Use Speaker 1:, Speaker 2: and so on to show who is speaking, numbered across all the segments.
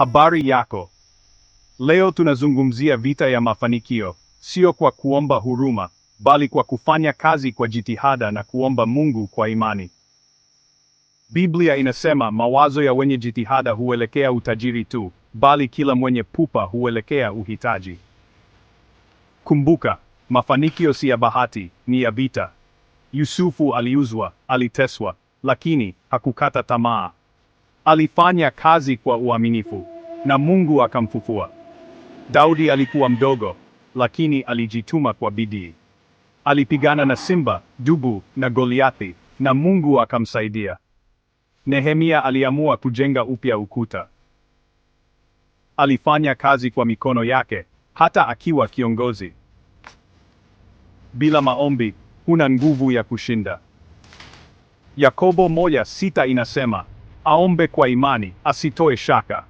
Speaker 1: Habari yako. Leo tunazungumzia vita ya mafanikio, sio kwa kuomba huruma, bali kwa kufanya kazi kwa jitihada na kuomba Mungu kwa imani. Biblia inasema mawazo ya wenye jitihada huelekea utajiri tu, bali kila mwenye pupa huelekea uhitaji. Kumbuka, mafanikio si ya bahati, ni ya vita. Yusufu aliuzwa, aliteswa, lakini hakukata tamaa. Alifanya kazi kwa uaminifu na Mungu akamfufua. Daudi alikuwa mdogo, lakini alijituma kwa bidii. Alipigana na simba, dubu na Goliathi, na Mungu akamsaidia. Nehemia aliamua kujenga upya ukuta. Alifanya kazi kwa mikono yake, hata akiwa kiongozi. Bila maombi huna nguvu ya kushinda. Yakobo moja sita inasema aombe kwa imani, asitoe shaka.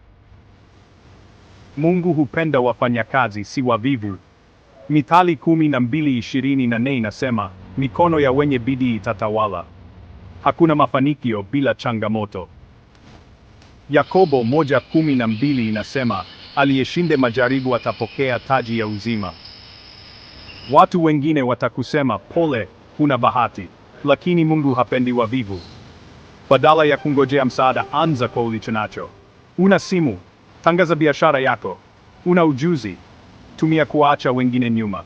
Speaker 1: Mungu hupenda wafanyakazi, si wavivu. Mithali kumi na mbili ishirini na nne inasema mikono ya wenye bidii itatawala. Hakuna mafanikio bila changamoto. Yakobo moja kumi na mbili inasema aliyeshinde majaribu atapokea taji ya uzima. Watu wengine watakusema pole, huna bahati, lakini Mungu hapendi wavivu. Badala ya kungojea msaada, anza kwa ulicho nacho. Una simu, Tangaza biashara yako. Una ujuzi, tumia kuacha wengine nyuma.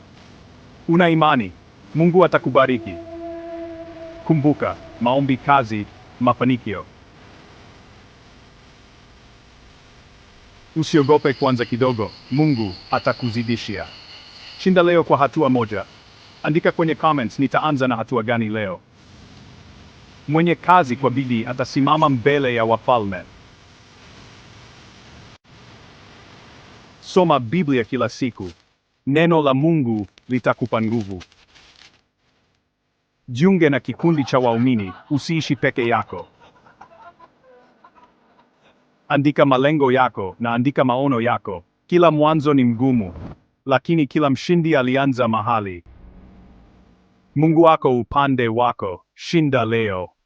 Speaker 1: Una imani, Mungu atakubariki. Kumbuka, maombi, kazi, mafanikio. Usiogope kwanza kidogo, Mungu atakuzidishia. Shinda leo kwa hatua moja. Andika kwenye comments, nitaanza na hatua gani leo? Mwenye kazi kwa bidii atasimama mbele ya wafalme. Soma Biblia kila siku. Neno la Mungu litakupa nguvu. Jiunge na kikundi cha waumini, usiishi peke yako. Andika malengo yako na andika maono yako. Kila mwanzo ni mgumu, lakini kila mshindi alianza mahali. Mungu wako upande wako. Shinda leo.